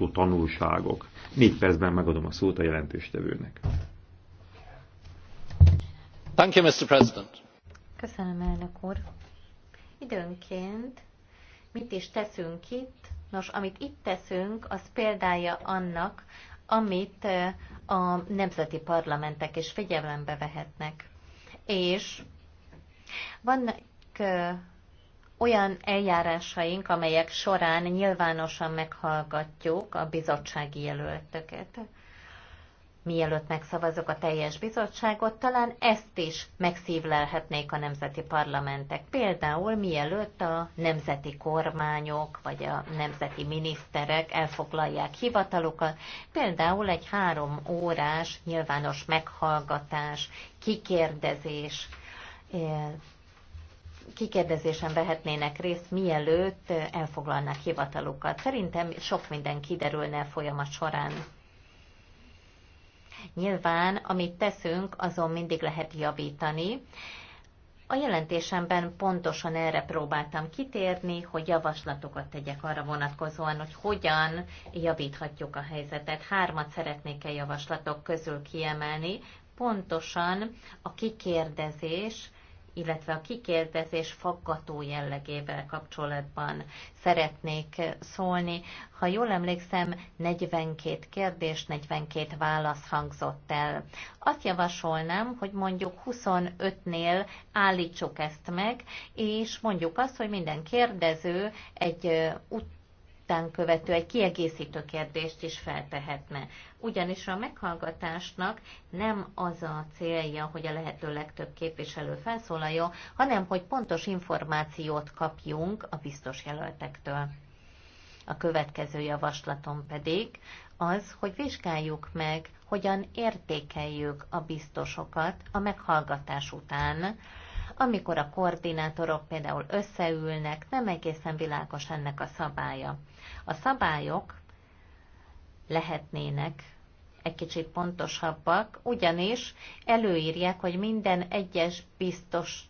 levonható tanulságok. Négy percben megadom a szót a jelentéstevőnek. Thank you, Mr. President. Köszönöm, elnök úr. Időnként mit is teszünk itt? Nos, amit itt teszünk, az példája annak, amit a nemzeti parlamentek is figyelembe vehetnek. És vannak olyan eljárásaink, amelyek során nyilvánosan meghallgatjuk a bizottsági jelöltöket. Mielőtt megszavazok a teljes bizottságot, talán ezt is megszívlelhetnék a nemzeti parlamentek. Például mielőtt a nemzeti kormányok vagy a nemzeti miniszterek elfoglalják hivatalukat, például egy három órás nyilvános meghallgatás, kikérdezés eh, kikérdezésen vehetnének részt, mielőtt elfoglalnák hivatalukat. Szerintem sok minden kiderülne a folyamat során. Nyilván, amit teszünk, azon mindig lehet javítani. A jelentésemben pontosan erre próbáltam kitérni, hogy javaslatokat tegyek arra vonatkozóan, hogy hogyan javíthatjuk a helyzetet. Hármat szeretnék a e javaslatok közül kiemelni, pontosan a kikérdezés illetve a kikérdezés faggató jellegével kapcsolatban szeretnék szólni. Ha jól emlékszem, 42 kérdés, 42 válasz hangzott el. Azt javasolnám, hogy mondjuk 25-nél állítsuk ezt meg, és mondjuk azt, hogy minden kérdező egy ut után követő egy kiegészítő kérdést is feltehetne. Ugyanis a meghallgatásnak nem az a célja, hogy a lehető legtöbb képviselő felszólaljon, hanem hogy pontos információt kapjunk a biztos jelöltektől. A következő javaslatom pedig az, hogy vizsgáljuk meg, hogyan értékeljük a biztosokat a meghallgatás után, amikor a koordinátorok például összeülnek, nem egészen világos ennek a szabálya. A szabályok lehetnének egy kicsit pontosabbak, ugyanis előírják, hogy minden egyes biztos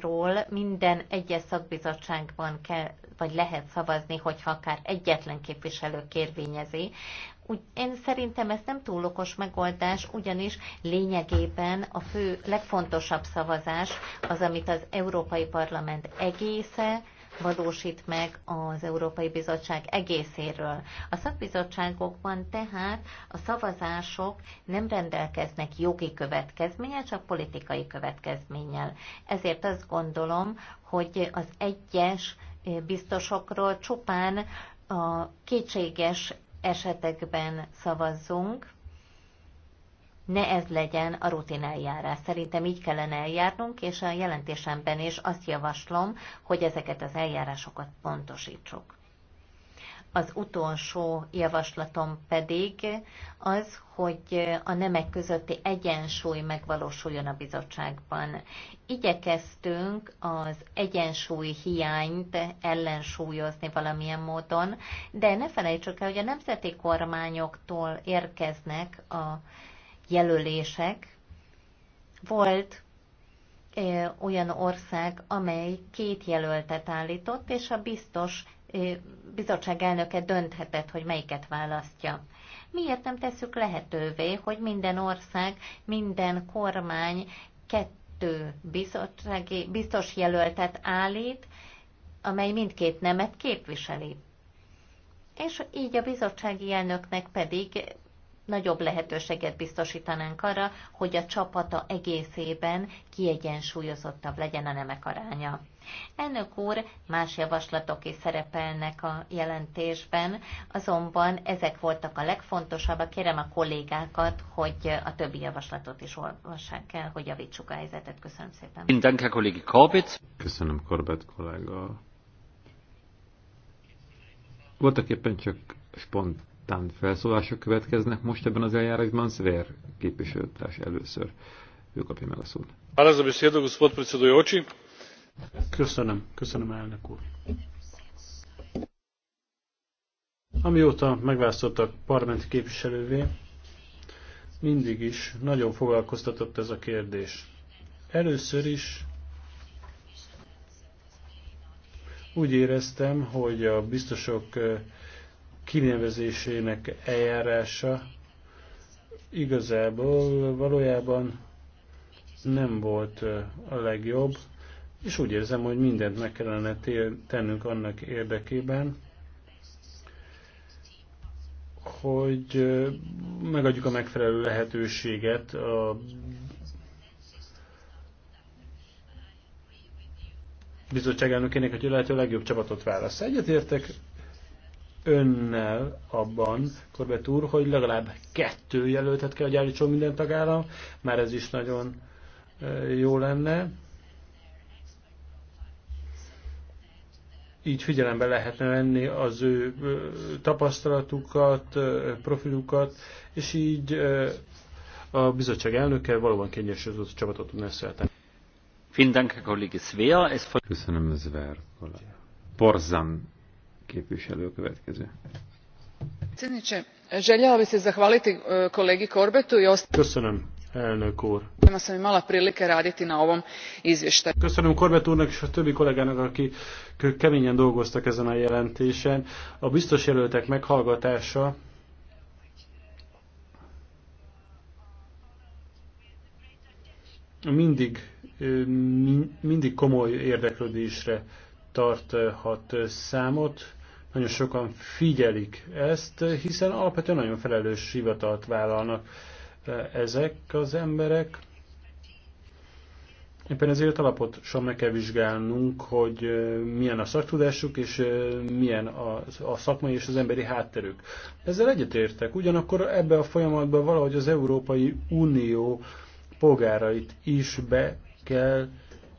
ról minden egyes szakbizottságban kell, vagy lehet szavazni, hogyha akár egyetlen képviselő kérvényezi. Úgy, én szerintem ez nem túl okos megoldás, ugyanis lényegében a fő legfontosabb szavazás az, amit az Európai Parlament egésze valósít meg az Európai Bizottság egészéről. A szakbizottságokban tehát a szavazások nem rendelkeznek jogi következménye, csak politikai következménnyel. Ezért azt gondolom, hogy az egyes biztosokról csupán a kétséges esetekben szavazzunk, ne ez legyen a rutin eljárás. Szerintem így kellene eljárnunk, és a jelentésemben is azt javaslom, hogy ezeket az eljárásokat pontosítsuk. Az utolsó javaslatom pedig az, hogy a nemek közötti egyensúly megvalósuljon a bizottságban. Igyekeztünk az egyensúly hiányt ellensúlyozni valamilyen módon, de ne felejtsük el, hogy a nemzeti kormányoktól érkeznek a jelölések, volt olyan ország, amely két jelöltet állított, és a biztos bizottság elnöke dönthetett, hogy melyiket választja. Miért nem tesszük lehetővé, hogy minden ország, minden kormány kettő bizottsági, biztos jelöltet állít, amely mindkét nemet képviseli? És így a bizottsági elnöknek pedig nagyobb lehetőséget biztosítanánk arra, hogy a csapata egészében kiegyensúlyozottabb legyen a nemek aránya. Elnök úr, más javaslatok is szerepelnek a jelentésben, azonban ezek voltak a legfontosabbak. Kérem a kollégákat, hogy a többi javaslatot is olvassák el, hogy javítsuk a helyzetet. Köszönöm szépen. Köszönöm, Korbett kollega. Voltak éppen csak spontán Tán felszólások következnek most ebben az eljárásban. Szver képviselőtárs először. Ő kapja meg a szót. Köszönöm, köszönöm elnök úr. Amióta megválasztottak parlamenti képviselővé, mindig is nagyon foglalkoztatott ez a kérdés. Először is úgy éreztem, hogy a biztosok eh, kinevezésének eljárása igazából valójában nem volt a legjobb, és úgy érzem, hogy mindent meg kellene tennünk annak érdekében, hogy megadjuk a megfelelő lehetőséget a bizottság elnökének, hogy a lehető legjobb csapatot választ. Egyetértek önnel abban, Korbett úr, hogy legalább kettő jelöltet kell, hogy állítson minden tagállam, már ez is nagyon jó lenne. Így figyelembe lehetne venni az ő tapasztalatukat, profilukat, és így a bizottság elnöke valóban kényesült csapatot tudna összeállítani. Köszönöm, Zver. Borzan képviselő következő. Cenice, željela bi se zahvaliti e, kolegi Korbetu i ostalim. Köszönöm, elnök úr. Nem sem mala prilike raditi na ovom izvještaju. Köszönöm Korbet úrnak és a többi kollégának, akik keményen dolgoztak ezen a jelentésen. A biztos jelöltek meghallgatása mindig komoly érdeklődésre tarthat számot. Nagyon sokan figyelik ezt, hiszen alapvetően nagyon felelős hivatalt vállalnak eh, ezek az emberek. Éppen ezért sem meg kell vizsgálnunk, hogy eh, milyen a szaktudásuk, és eh, milyen a, szakmai és az emberi hátterük. Ezzel egyetértek, ugyanakkor ebbe a folyamatban valahogy az Európai Unió polgárait is be kell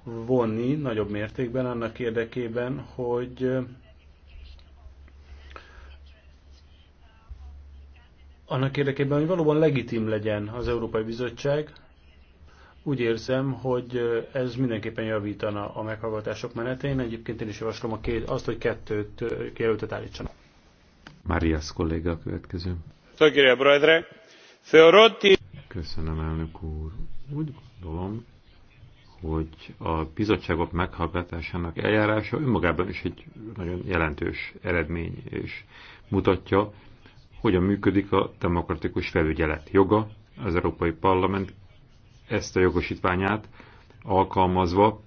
vonni nagyobb mértékben annak érdekében, hogy annak érdekében, hogy valóban legitim legyen az Európai Bizottság, úgy érzem, hogy ez mindenképpen javítana a meghallgatások menetén. Egyébként én is javaslom a két, azt, hogy kettőt kijelöltet állítsanak. Marias kolléga a következő. Köszönöm, elnök úr. Úgy gondolom, hogy a bizottságok meghallgatásának eljárása önmagában is egy nagyon jelentős eredmény, és mutatja, hogyan működik a demokratikus felügyelet joga. Az Európai Parlament ezt a jogosítványát alkalmazva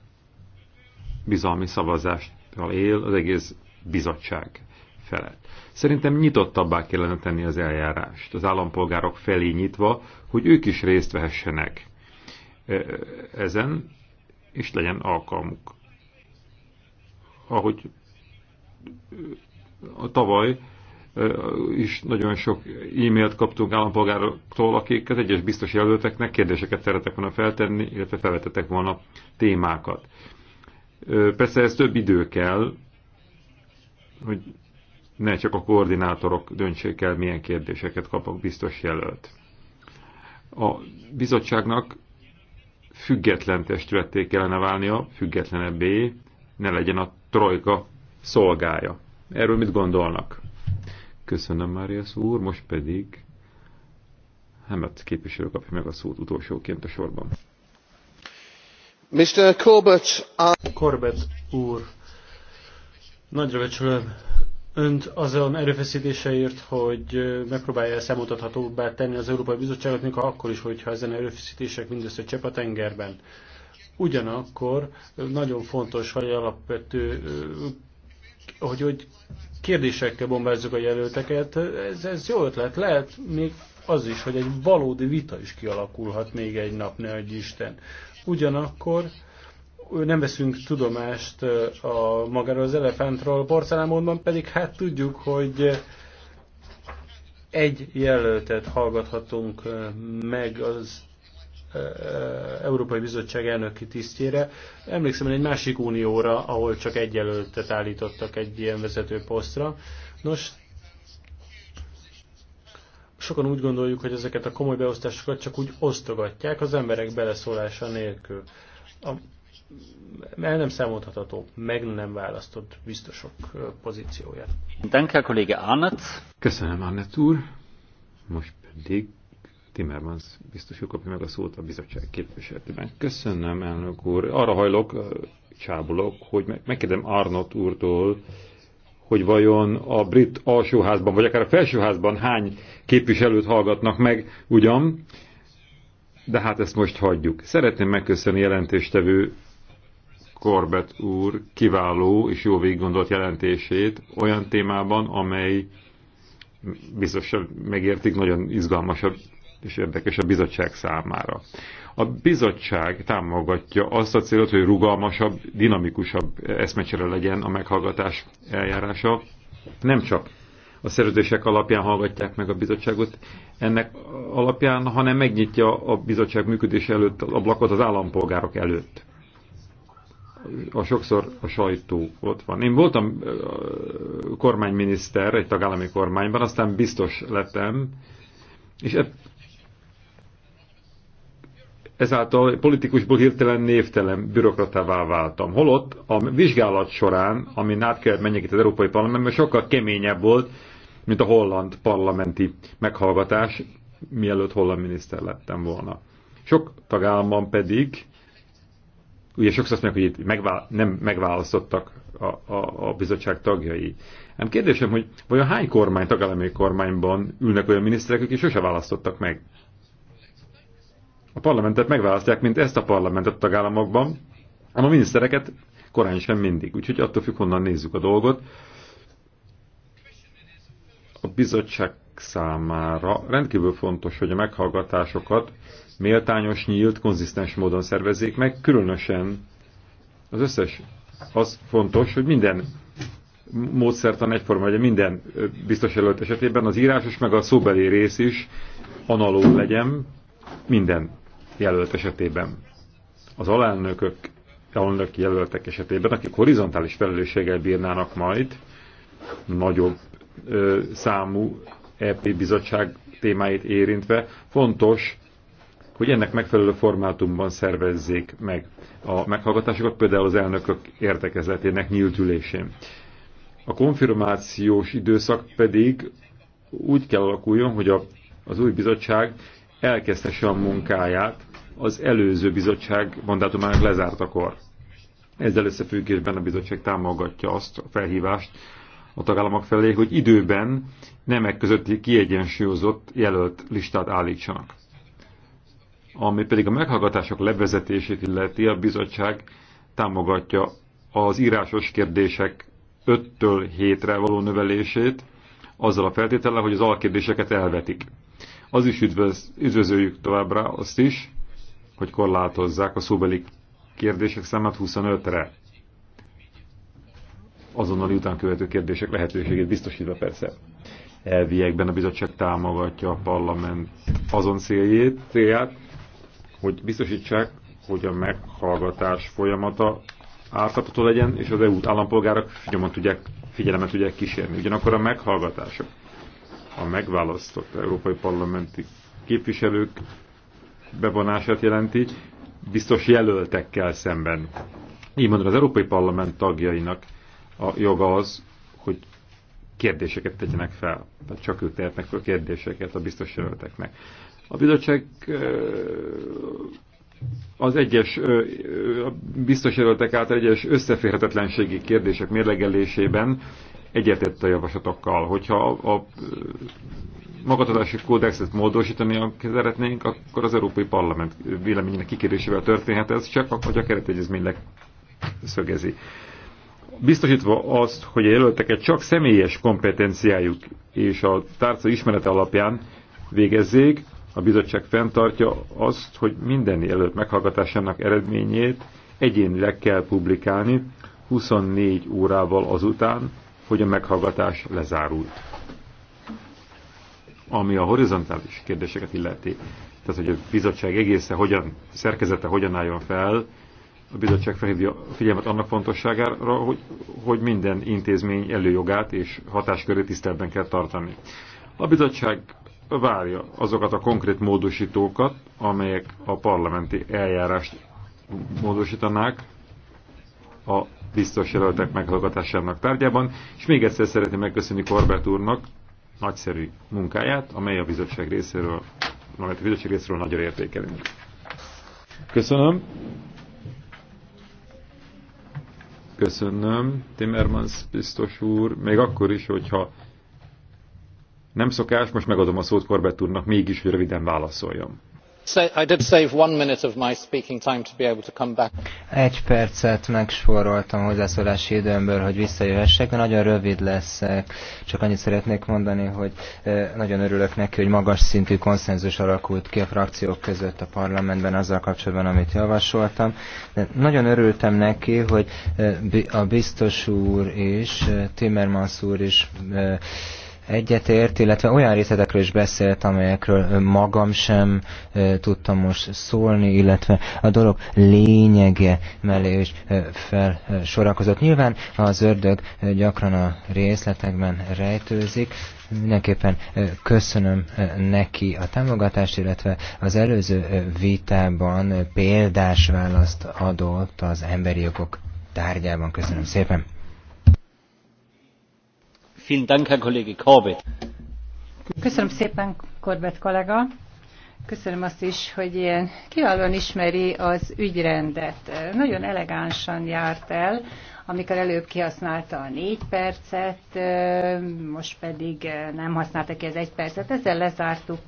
bizalmi szavazástal él az egész bizottság felett. Szerintem nyitottabbá kellene tenni az eljárást, az állampolgárok felé nyitva, hogy ők is részt vehessenek ezen, és legyen alkalmuk. Ahogy a tavaly is nagyon sok e-mailt kaptunk állampolgároktól, akik az egyes biztos jelölteknek kérdéseket szeretek volna feltenni, illetve felvetettek volna témákat. Persze ez több idő kell, hogy ne csak a koordinátorok döntsék el, milyen kérdéseket kap a biztos jelölt. A bizottságnak független testületté kellene válnia, függetlenebbé, ne legyen a trojka szolgája. Erről mit gondolnak? Köszönöm, Máriasz úr, most pedig Hemet képviselő kapja meg a szót utolsóként a sorban. Mr. Corbett, I... Corbett úr, nagyra becsülöm önt azon erőfeszítéseért, hogy megpróbálja elszámoltathatóbbá tenni az Európai Bizottságot, még akkor is, hogyha ezen erőfeszítések mindössze csepp a tengerben. Ugyanakkor nagyon fontos, hogy alapvető, hogy, hogy kérdésekkel bombázzuk a jelölteket. Ez, ez jó ötlet. Lehet még az is, hogy egy valódi vita is kialakulhat még egy nap, ne Isten. Ugyanakkor nem veszünk tudomást a magáról az elefántról, porcelánmódban pedig hát tudjuk, hogy egy jelöltet hallgathatunk meg az Európai Bizottság elnöki tisztjére. Emlékszem egy másik unióra, ahol csak egy jelöltet állítottak egy ilyen vezető posztra. Nos, sokan úgy gondoljuk, hogy ezeket a komoly beosztásokat csak úgy osztogatják az emberek beleszólása nélkül. A el nem számoltatható, meg nem választott biztosok pozícióját. Danke, kollége Arnett. Köszönöm, Arnett úr. Most pedig Timmermans biztos kapja meg a szót a bizottság képviseletében. Köszönöm, elnök úr. Arra hajlok, csábulok, hogy megkérdem Arnott úrtól, hogy vajon a brit alsóházban, vagy akár a felsőházban hány képviselőt hallgatnak meg ugyan, de hát ezt most hagyjuk. Szeretném megköszönni jelentéstevő Corbett úr kiváló és jó végiggondolt jelentését olyan témában, amely biztosan megértik, nagyon izgalmasabb és érdekes a bizottság számára. A bizottság támogatja azt a célt, hogy rugalmasabb, dinamikusabb eszmecsere legyen a meghallgatás eljárása. Nem csak a szerződések alapján hallgatják meg a bizottságot ennek alapján, hanem megnyitja a bizottság működés előtt ablakot az állampolgárok előtt a sokszor a sajtó ott van. Én voltam kormányminiszter egy tagállami kormányban, aztán biztos lettem, és e, ezáltal politikusból hirtelen névtelen bürokratává váltam. Holott a vizsgálat során, ami át kellett menjek itt az Európai Parlamentben, sokkal keményebb volt, mint a holland parlamenti meghallgatás, mielőtt holland miniszter lettem volna. Sok tagállamban pedig Ugye sokszor azt mondják, hogy itt megvá nem megválasztottak a, a, a bizottság tagjai. Ám kérdésem, hogy vajon hány kormány, tagállami kormányban ülnek olyan miniszterek, akik sose választottak meg? A parlamentet megválasztják, mint ezt a parlamentet a tagállamokban, ám a minisztereket korán sem mindig. Úgyhogy attól függ, honnan nézzük a dolgot. A bizottság számára rendkívül fontos, hogy a meghallgatásokat méltányos, nyílt, konzisztens módon szervezzék meg, különösen az összes az fontos, hogy minden módszertan egyforma, hogy minden biztos jelölt esetében az írásos meg a szóbeli rész is analó legyen minden jelölt esetében. Az alelnökök, alelnök jelöltek esetében, akik horizontális felelősséggel bírnának majd nagyobb ö, számú EP bizottság témáit érintve, fontos, hogy ennek megfelelő formátumban szervezzék meg a meghallgatásokat, például az elnökök értekezletének nyílt ülésén. A konfirmációs időszak pedig úgy kell alakuljon, hogy a, az új bizottság elkezdhesse a munkáját az előző bizottság mandátumának lezártakor. Ezzel összefüggésben a bizottság támogatja azt a felhívást a tagállamok felé, hogy időben nemek közötti kiegyensúlyozott jelölt listát állítsanak. Ami pedig a meghallgatások levezetését illeti, a bizottság támogatja az írásos kérdések 5-től 7-re való növelését, azzal a feltétellel, hogy az alkérdéseket elvetik. Az is üdvöz, üdvözöljük továbbra azt is, hogy korlátozzák a szóbeli kérdések számát 25-re. Azonnal után követő kérdések lehetőségét biztosítva persze. Elviekben a bizottság támogatja a parlament azon céljét, célját, hogy biztosítsák, hogy a meghallgatás folyamata átlátható legyen, és az EU-t állampolgárok figyelmet tudják, figyelemet tudják kísérni. Ugyanakkor a meghallgatások, a megválasztott európai parlamenti képviselők bevonását jelenti, biztos jelöltekkel szemben. Így mondom, az Európai Parlament tagjainak a joga az, hogy kérdéseket tegyenek fel. Tehát csak ők tehetnek fel kérdéseket a biztos jelölteknek. A bizottság az egyes biztos jelöltek által egyes összeférhetetlenségi kérdések mérlegelésében egyetett a javaslatokkal. Hogyha a magatartási kódexet módosítani szeretnénk, akkor az Európai Parlament véleményének kikérésével történhet ez, csak akkor, hogy a keretegyezménynek szögezi. Biztosítva azt, hogy a jelölteket csak személyes kompetenciájuk és a tárca ismerete alapján végezzék, a bizottság fenntartja azt, hogy minden előtt meghallgatásának eredményét egyénileg kell publikálni 24 órával azután, hogy a meghallgatás lezárult. Ami a horizontális kérdéseket illeti, tehát hogy a bizottság egészen hogyan, szerkezete hogyan álljon fel, a bizottság felhívja a figyelmet annak fontosságára, hogy, hogy minden intézmény előjogát és hatáskörét tiszteletben kell tartani. A bizottság várja azokat a konkrét módosítókat, amelyek a parlamenti eljárást módosítanák a biztos jelöltek meghallgatásának tárgyában, és még egyszer szeretném megköszönni Korbett úrnak nagyszerű munkáját, amely a bizottság részéről, amelyet a bizottság részéről nagyon értékelünk. Köszönöm. Köszönöm, Timmermans biztos úr, még akkor is, hogyha nem szokás, most megadom a szót Corbett úrnak, mégis, hogy röviden válaszoljon. Egy percet megsporoltam hozzászólási időmből, hogy visszajöhessek, de nagyon rövid leszek. Csak annyit szeretnék mondani, hogy eh, nagyon örülök neki, hogy magas szintű konszenzus alakult ki a frakciók között a parlamentben azzal kapcsolatban, amit javasoltam. De nagyon örültem neki, hogy eh, a biztos úr és eh, Timmermans úr is egyetért, illetve olyan részletekről is beszélt, amelyekről magam sem tudtam most szólni, illetve a dolog lényege mellé is felsorakozott. Nyilván az ördög gyakran a részletekben rejtőzik, mindenképpen köszönöm neki a támogatást, illetve az előző vitában példás választ adott az emberi jogok tárgyában. Köszönöm szépen! Köszönöm szépen, Corbett kollega. Köszönöm azt is, hogy ilyen kiválóan ismeri az ügyrendet. Nagyon elegánsan járt el, amikor előbb kihasználta a négy percet, most pedig nem használta ki az egy percet. Ezzel lezártuk